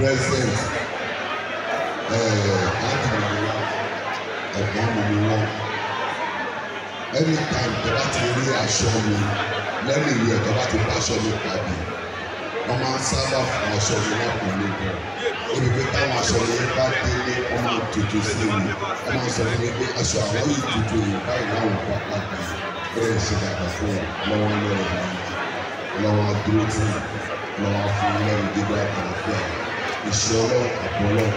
president eh, látàlúwa ẹ̀gbọ́n mi ni wọ́n ẹni kan tó bá ti rí aṣọ mi lẹ́nu ìwé tó bá ti bá aṣọ mi pàdé wọ́n máa ń sábà fún aṣọ mi wọ́n kò ní bọ̀ ebi pé táwọn aṣọ yẹn bá délé wọ́n máa tutù sí mi wọ́n máa sọ fún mi pé aṣọ àwọn yìí tutù yìí báyìí láwọn bá pàdé bẹ́ẹ̀ ṣe dàgbà fún wọn lọ́wọ́ lọ́wọ́ lọ́wọ́ dúró tì lọ́wọ́ fún lẹ́nu dídá àtàlàfíà. ìṣòro àpọ̀lọ́.